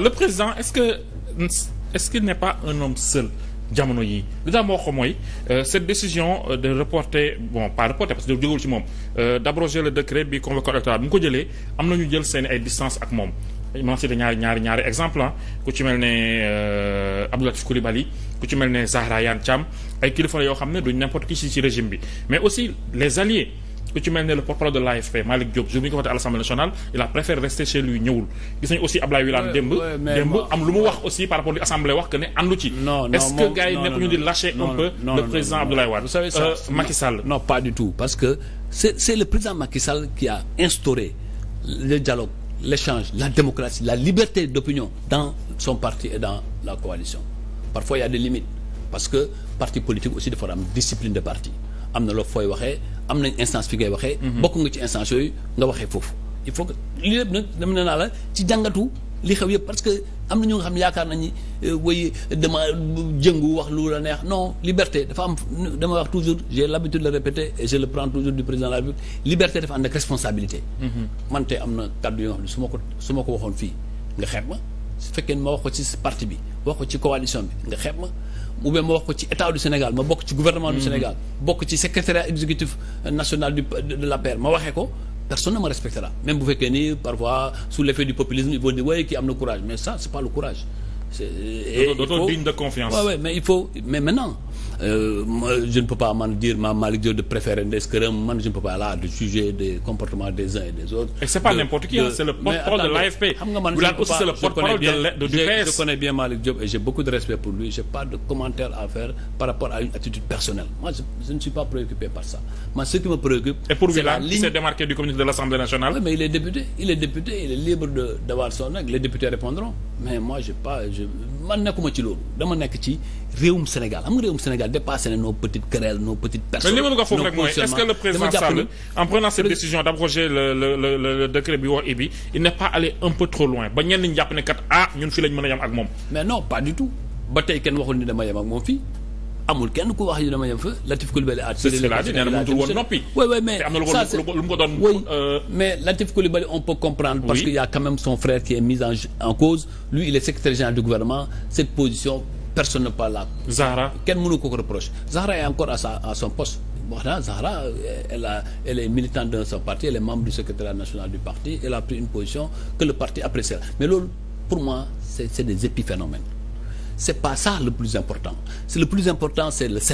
le président est-ce que est-ce qu'il n'est pas un homme seul jamono yi li tax moo ko mooy euh, cette décision euh, de reporter bon par reporter parce que jógul ci moom euh, d'abroger le décret bi convocation électorale bu mu ko jëlee am na ñu jël seen ay distance ak moom ma cité ñaari ñaari ñaari exemple ku ci mel ne Abdou Latif Coulibaly ku ci mel ne Zahra Iyane Thiam ay kilifa yoo xam ne duñ n'importe qui ci ci régime bi mais aussi les alliés ku ci mel ne le porte-parole de l'AFP Malick Diop jour bi ñu ko voté à l'Assemblée nationale il a préféré rester chez lui ñëwul gis nañu aussi Abdoulaye Wilane démb démb am lu mu wax aussi par rapport li assemblée wax que ne àndu ci est-ce que gars yi nekk ñu di lâcher un peu le président Abdoulaye Wade euh, Macky Sall non pas du tout parce que c'est c'est le président Macky Sall la démocratie la liberté d'opinion dans son parti et dans la coalition parfois il y a des limites parce que parti politique aussi dafa am discipline de am na loo fooy waxee am nañ instance fi ngay waxee. Mhm. bokk nga ci instance yooyu nga waxee foofu. il faut que li lépp nag dem na naa la ci jàngatu li xew yëpp parce que am na ñoo nga xam yaakaar nañu ni euh, way dama jëngu wax lu la neex no liberté dafa am dama wax toujours j'ai l'habitude de le répéter et je le prends toujours du président de liberté dafa ànd ak responsabilité. Mhm. mante am na kàddu yoo xam su ma ko su ma ko waxoon fii nga xeeb ma su fekkee ma wax ko ci parti bi wax ko ci coalition bi nga xeeb ma. ou bien ma wax ko ci état du Sénégal ma bokk ci gouvernement du hmm. Sénégal bokk ci secrétariat exécutif national du de l'APR ma waxee ko personne ne me respectera même bu fekkee ni parfois sous l'effet du populisme ils vont dire waaye kii am na courage mais ça c'est pas le courage c'est d'autant digne de confiance ouais, ouais, mais il faut mais maintenant Euh, je ne peux pas man dire Mame Malick de préférer Ndeye Scrème man je ne peux pas là de juger des comportements des uns et des autres. c'est le porte-parole de l'AFP. j'ai beaucoup de respect pour lui j'ai pas de commentaire à faire par rapport à une attitude personnelle je ne suis pas préoccupé par ça moi ce qui me préoccupe. et démarqué du communiste de l'Assemblée nationale. mais il est député il est libre d'avoir son acte les députés répondront mais man nekkuma ci loolu dama nekk ci réewum Sénégal xam nga réewum Sénégal dépassé na nos petites querelles nos petites mais li ma bëgg a foofu rek mooy est-ce que le président Sall en prenant cette décision d'abroger le le le le décret bi wax ibi il n'est pas allé un peu trop loin ba ñenn ñi jàpp ne kat ah ñun fii lañ mën a yem ak moom. mais non pas du tout ba tey kenn waxul ni dama yem ak moom fii. amul kenn ko wax ñu dama yem fa Latif Coulibaly a tiré le conseil euh, on peut comprendre parce qu'il y a quand même son frère qui est mis en cause lui il est secrétaire général du gouvernement cette position personne ne peut la Zahra ko ko est encore à son poste Zahra a elle est militante de son parti elle est membre du secrétariat national du parti elle a pris une position que le parti appréciera mais loolu pour moi c'est c'est des épiphénomènes c'est pas ça le plus important c'est le plus important c'est le